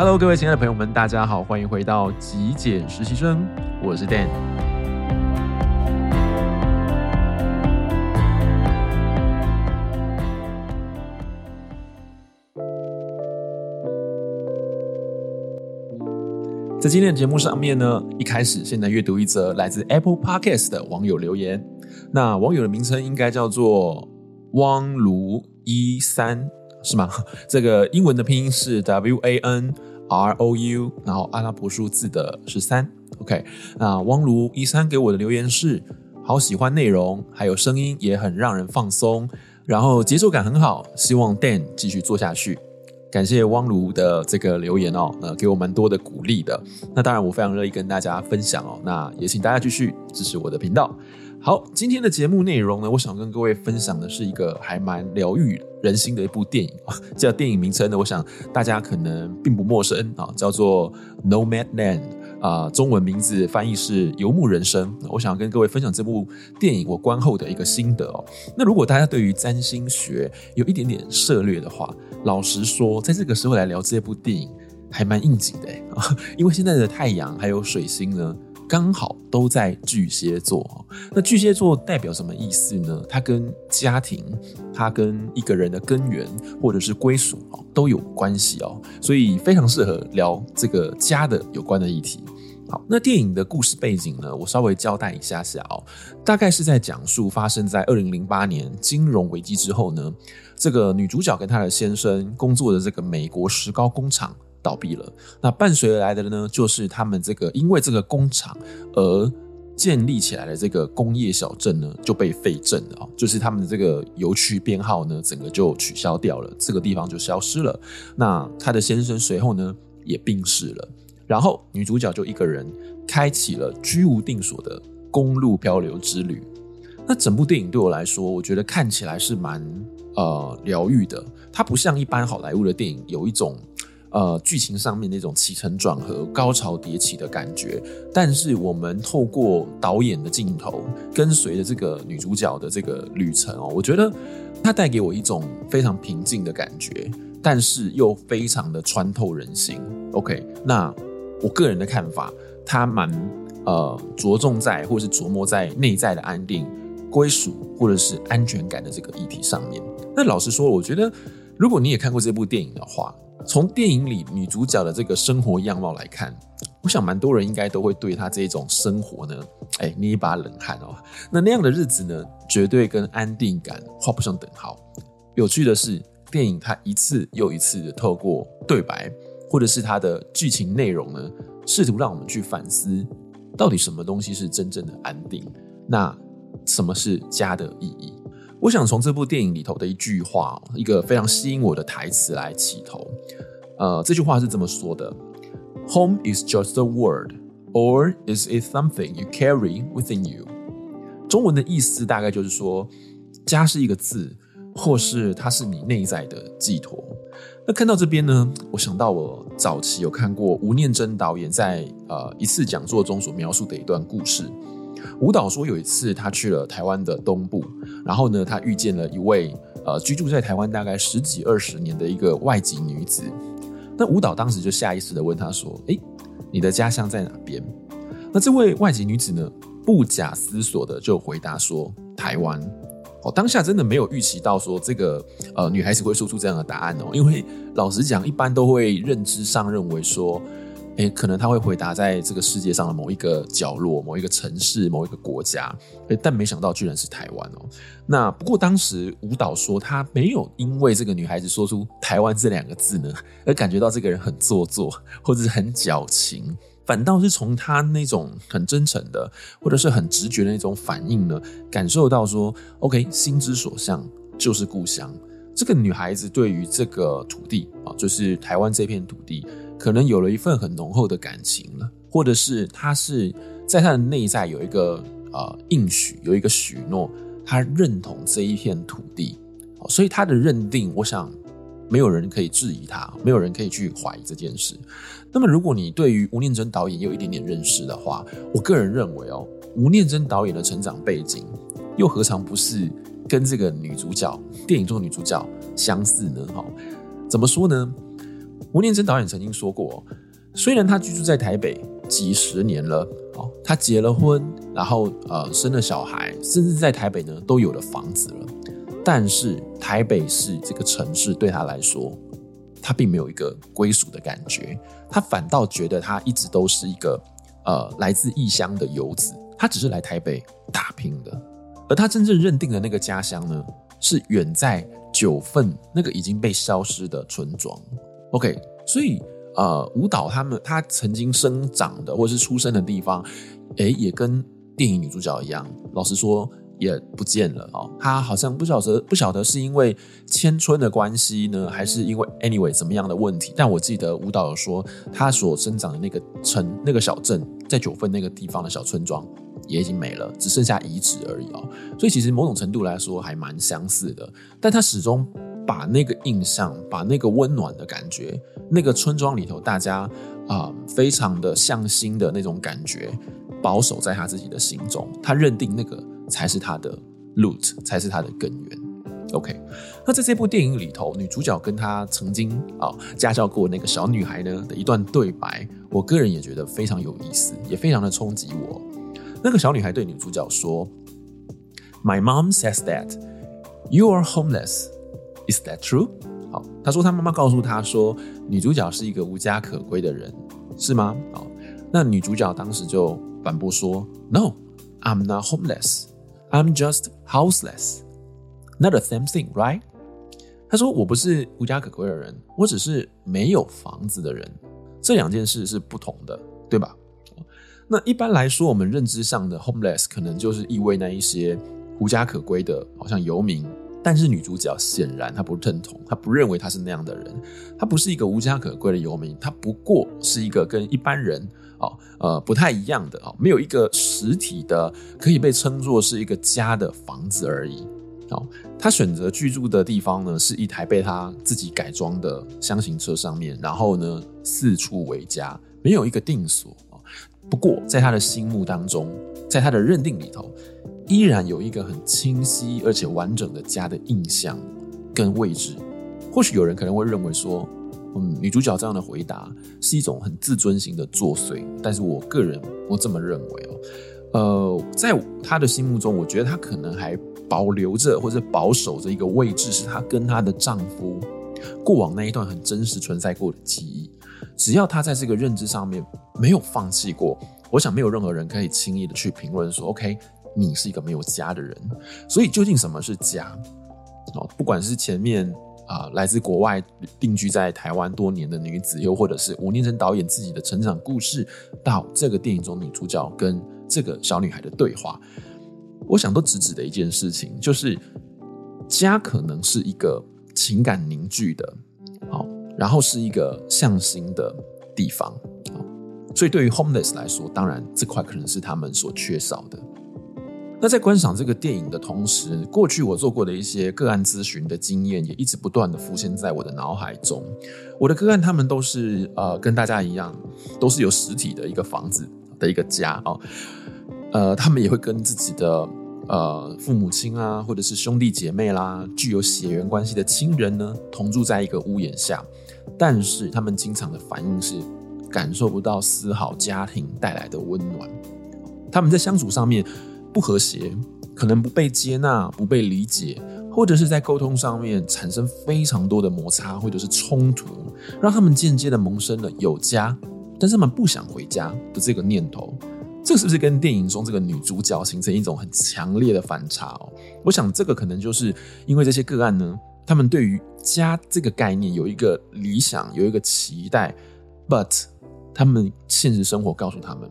Hello，各位親愛的朋友們，大家好，歡迎回到極簡實習生，我是 Dan。在今天的節目上面呢，一開始先來閱讀一則來自 Apple Podcast 的網友留言。那網友的名稱應該叫做汪盧一三，是嗎？這個英文的拼音是 W A N。R O U，然後阿拉伯數字的是三，OK。那汪盧一三給我的留言是：好喜歡內容，還有聲音也很讓人放鬆，然後節奏感很好，希望 Dan 繼續做下去。感謝汪盧的這個留言哦，那、呃、給我蠻多的鼓勵的。那當然，我非常樂意跟大家分享哦，那也請大家繼續支持我的頻道。好，今天的節目內容呢，我想跟各位分享的是一個還蠻療癒人心的一部電影啊。這電影名稱呢，我想大家可能並不陌生啊，叫做《Nomadland》啊、呃，中文名字翻譯是《游牧人生》。我想跟各位分享這部電影我觀後的一個心得哦。那如果大家對於占星學有一點點涉獵的話，老實說，在這個時候來聊這部電影還蠻應景的，因為現在的太陽還有水星呢，剛好都在巨蟹座，那巨蟹座代表什麼意思呢？它跟家庭，它跟一個人的根源或者是歸屬都有關係哦，所以非常適合聊這個家的有關的議題。好，那電影的故事背景呢，我稍微交代一下下哦，大概是在講述發生在二零零八年金融危機之後呢，這個女主角跟她的先生工作的這個美國石膏工廠。倒閉了，那伴隨而來的呢，就是他們這個因為這個工廠而建立起來的這個工業小鎮呢，就被廢證了，就是他們的這個郵區編號呢，整個就取消掉了，這個地方就消失了。那他的先生隨後呢也病死了，然後女主角就一個人開啟了居無定所的公路漂流之旅。那整部電影對我來說，我覺得看起來是蠻呃療癒的，它不像一般好萊塢的電影有一種。呃，劇情上面那種起承轉合、高潮迭起的感覺，但是我們透過導演的鏡頭，跟隨着這個女主角的這個旅程哦，我覺得它帶給我一種非常平靜的感覺，但是又非常的穿透人心。OK，那我個人的看法，它蠻呃着重在或是琢磨在內在的安定、歸屬或者是安全感的這個議題上面。那老實說，我覺得如果你也看過這部電影的話。從電影裡女主角的這個生活樣貌來看，我想蠻多人應該都會對她這種生活呢，哎，捏一把冷汗哦。那那樣的日子呢，絕對跟安定感畫不上等號。有趣的是，電影它一次又一次的透過對白，或者是它的劇情內容呢，試圖讓我們去反思，到底什麼東西是真正的安定？那什麼是家的意義？我想從這部電影裡頭的一句話，一個非常吸引我的台詞來起頭。呃，這句話是這麼說的：“Home is just a word, or is it something you carry within you？” 中文的意思大概就是說，家是一個字，或是它是你內在的寄託。那看到這邊呢，我想到我早期有看過吳念真導演在呃一次講座中所描述的一段故事。舞蹈說有一次他去了台灣的東部，然後呢，他遇見了一位呃居住在台灣大概十幾二十年的一個外籍女子。那舞蹈當時就下意識地問她說：“誒，你的家鄉在哪邊？”那這位外籍女子呢，不假思索地就回答說：“台灣。”哦，當下真的沒有預期到說這個呃女孩子會說出這樣的答案哦，因為老實講，一般都會認知上認為說。誒，可能他會回答，在這個世界上的某一個角落、某一個城市、某一個國家，誒，但沒想到居然是台灣哦。那不過當時舞蹈說他沒有因為這個女孩子說出台灣這兩個字呢，而感覺到這個人很做作或者是很矯情，反倒是從他那種很真誠的或者是很直覺的那種反應呢，感受到說，OK，心之所向就是故鄉。這個女孩子對於這個土地啊，就是台灣這片土地。可能有了一份很濃厚的感情了，或者是他是在他的內在有一個啊、呃、應許，有一個許諾，他認同這一片土地，所以他的認定，我想沒有人可以質疑他，沒有人可以去懷疑這件事。那麼，如果你對於吳念真導演有一點點認識的話，我個人認為哦，吳念真導演的成長背景又何嘗不是跟這個女主角電影中的女主角相似呢？哈、哦，怎麼說呢？吳念真導演曾經說過：“雖然他居住在台北幾十年了，哦，他結了婚，然後呃生了小孩，甚至在台北呢都有了房子了，但是台北市這個城市對他來說，他並沒有一個歸屬的感覺。他反倒覺得他一直都是一個呃來自異鄉的游子，他只是來台北打拼的。而他真正認定的那個家鄉呢，是遠在九份那個已經被消失的村莊。” OK，所以呃，舞蹈他們他曾經生長的或者是出生的地方，誒，也跟電影女主角一樣，老實說也不見了哦，他好像不曉得不曉得是因為千春的關係呢，還是因為 anyway 怎麼樣的問題？但我記得舞蹈有說，他所生長的那個城、那個小鎮，在九份那個地方的小村莊也已經沒了，只剩下遺址而已哦。所以其實某種程度來說還蠻相似的，但他始終。把那個印象，把那個溫暖的感覺，那個村莊裡頭大家啊、呃，非常的向心的那種感覺，保守在他自己的心中。他認定那個才是他的 root，才是他的根源。OK，那在這部電影裡頭，女主角跟她曾經啊、呃、家教過那個小女孩呢的一段對白，我個人也覺得非常有意思，也非常的衝擊我。那個小女孩對女主角說：“My mom says that you are homeless.” Is that true？好，他說他媽媽告訴他說，女主角是一個無家可歸的人，是嗎？好，那女主角當時就反駁說，No，I'm not homeless，I'm just houseless，not the same thing，right？她說我不是無家可歸的人，我只是沒有房子的人，這兩件事是不同的，對吧？那一般來說，我們認知上的 homeless 可能就是意味那一些無家可歸的，好像游民。但是女主角顯然她不認同，她不認為她是那樣的人，她不是一個無家可歸的遊民，她不過是一個跟一般人啊呃不太一樣的啊，沒有一個實體的可以被稱作是一個家的房子而已。哦，她選擇居住的地方呢，是一台被她自己改裝的箱型車上面，然後呢四處為家，沒有一個定所。不過在她的心目當中，在她的認定裡頭。依然有一個很清晰，而且完整的家的印象跟位置。或許有人可能會認為說，嗯，女主角這樣的回答是一種很自尊心的作祟，但是我個人不這麼認為哦，呃，在他的心目中，我覺得他可能還保留着或者保守着一個位置，是他跟她的丈夫過往那一段很真實存在過的記憶。只要她在這個認知上面沒有放棄過，我想沒有任何人可以輕易的去評論說，OK，你是一個沒有家的人，所以究竟什麼是家？哦，不管是前面啊、呃、來自國外定居在台灣多年的女子又，又或者是吳念真導演自己的成長故事，到這個電影中女主角跟這個小女孩的對話，我想都直指的一件事情，就是家可能是一個情感凝聚的，哦，然後是一個向心的地方，所以對於 homeless 來說，當然這塊可能是他們所缺少的。那在觀賞這個電影的同時，過去我做過的一些個案諮詢的經驗，也一直不斷的浮現在我的腦海中。我的個案，他們都是呃，跟大家一樣，都是有實體的一個房子的一個家啊，哦。呃，他們也會跟自己的呃父母親啊，或者是兄弟姐妹啦，具有血緣關係的親人呢，同住在一個屋檐下。但是他們經常的反應是，感受不到絲毫家庭帶來的溫暖。他們在相處上面，不和諧，可能不被接納、不被理解，或者是在溝通上面產生非常多的摩擦或者是衝突，讓他們間接的萌生了有家，但是他們不想回家的這個念頭。這是不是跟電影中這個女主角形成一種很強烈的反差哦？我想這個可能就是因為這些個案呢，他們對於家這個概念有一個理想、有一個期待，but 他們現實生活告訴他們，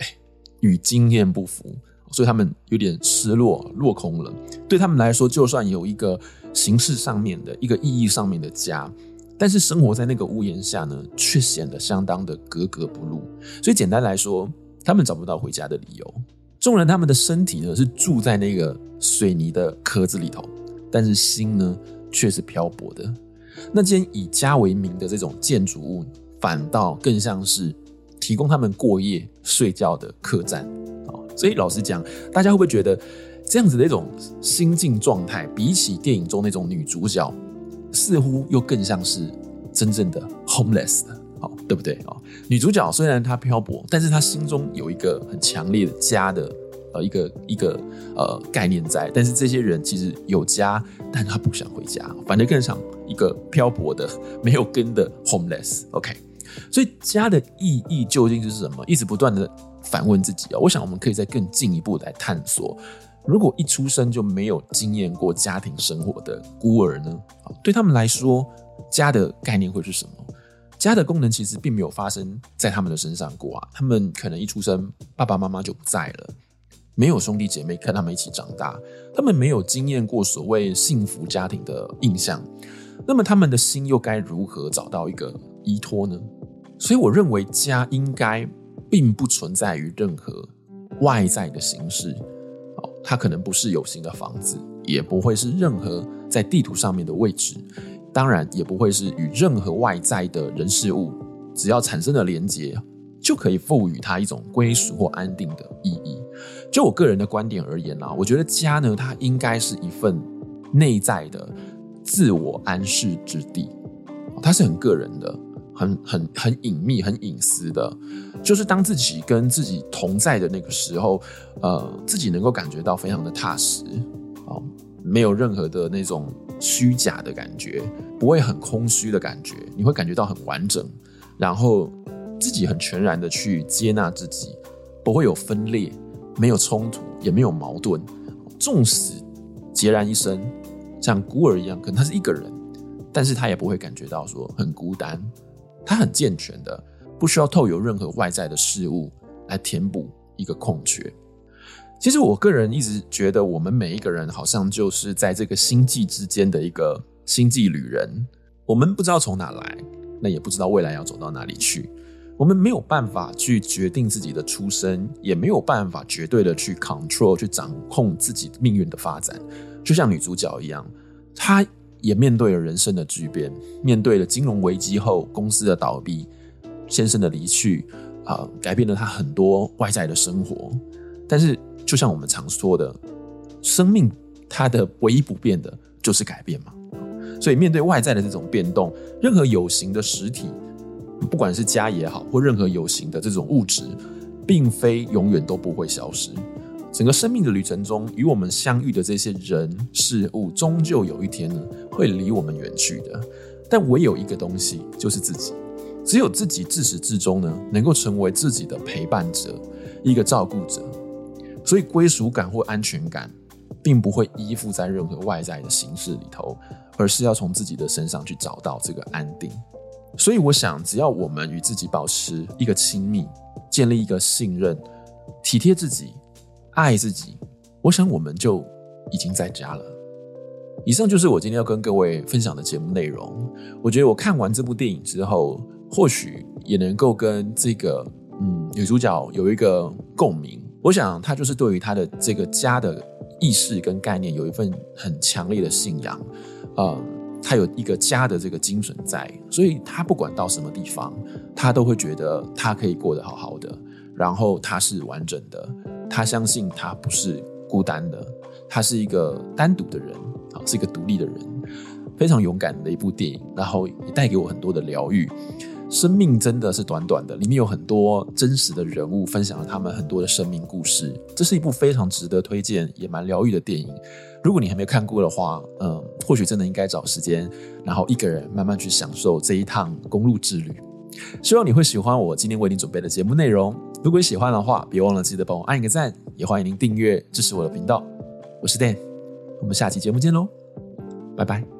哎、欸，與經驗不符。所以他們有點失落，落空了。對他們來說，就算有一個形式上面的一個意義上面的家，但是生活在那個屋檐下呢，卻顯得相當的格格不入。所以簡單來說，他們找不到回家的理由。縱然他們的身體呢是住在那個水泥的殼子裡頭，但是心呢卻是漂泊的。那間以家為名的這種建築物，反倒更像是提供他們過夜睡覺的客棧。所以老實講，大家會不會覺得這樣子的一種心境狀態，比起電影中那種女主角，似乎又更像是真正的 homeless 的，哦，對不對？女主角雖然她漂泊，但是她心中有一個很強烈的家的呃一個一個呃概念在。但是這些人其實有家，但她不想回家，反而更像一個漂泊的、沒有根的 homeless okay。OK，所以家的意義究竟是什麼？一直不斷的。反問自己啊，我想我們可以再更進一步來探索，如果一出生就沒有經驗過家庭生活的孤兒呢？對他們來說，家的概念會是什麼？家的功能其實並沒有發生在他們的身上過啊。他們可能一出生爸爸媽媽就不在了，沒有兄弟姐妹跟他們一起長大，他們沒有經驗過所謂幸福家庭的印象。那麼他們的心又該如何找到一個依托呢？所以我認為家應該。並不存在於任何外在的形式，哦，它可能不是有形的房子，也不會是任何在地圖上面的位置，當然也不會是與任何外在的人事物，只要產生了連結，就可以賦予它一種歸屬或安定的意義。就我個人的觀點而言，啊，我覺得家呢，它應該是一份內在的自我安適之地，它是很個人的。很很很隱秘、很隱私的，就是當自己跟自己同在的那個時候，呃，自己能夠感覺到非常的踏實啊、哦，沒有任何的那種虛假的感覺，不會很空虛的感覺，你會感覺到很完整，然後自己很全然的去接納自己，不會有分裂、沒有衝突、也沒有矛盾，縱使孑然一身，像孤兒一樣，可能他是一個人，但是他也不會感覺到說很孤單。他很健全的，不需要透由任何外在的事物來填補一個空缺。其實我個人一直覺得，我們每一個人好像就是在這個星際之間的一個星際旅人，我們不知道從哪來，那也不知道未來要走到哪裡去。我們沒有辦法去決定自己的出生，也沒有辦法絕對的去 control 去掌控自己命運的發展，就像女主角一樣，她，也面對了人生的巨變，面對了金融危機後公司的倒閉，先生的離去，啊、呃，改變了他很多外在的生活。但是，就像我們常說的，生命它的唯一不變的就是改變嘛。所以，面對外在的這種變動，任何有形的實體，不管是家也好，或任何有形的這種物質，並非永遠都不會消失。整個生命的旅程中，與我們相遇的這些人事物，終究有一天呢會離我們遠去的。但唯有一個東西，就是自己。只有自己自始至終呢，能夠成為自己的陪伴者，一個照顧者。所以歸屬感或安全感，並不會依附在任何外在的形式裡頭，而是要從自己的身上去找到這個安定。所以，我想，只要我們與自己保持一個親密，建立一個信任，體貼自己。愛自己，我想我們就已經在家了。以上就是我今天要跟各位分享的節目內容。我覺得我看完這部電影之後，或許也能夠跟這個嗯女主角有一個共鳴。我想她就是對於她的這個家的意識跟概念有一份很強烈的信仰。呃，她有一個家的這個精神在，所以她不管到什麼地方，她都會覺得她可以過得好好的，然後她是完整的。他相信他不是孤單的，他是一個單獨的人，啊，是一個獨立的人，非常勇敢的一部電影，然後也帶給我很多的療癒。生命真的是短短的，裡面有很多真實的人物分享了他們很多的生命故事，這是一部非常值得推薦，也蠻療癒的電影。如果你還沒有看過的話，嗯、呃，或許真的應該找時間，然後一個人慢慢去享受這一趟公路之旅。希望你會喜歡我今天為你準備的節目內容。如果喜歡的話，別忘了記得幫我按一個讚，也歡迎您訂閱支持我的頻道。我是 Dan，我們下期節目見嘍，拜拜。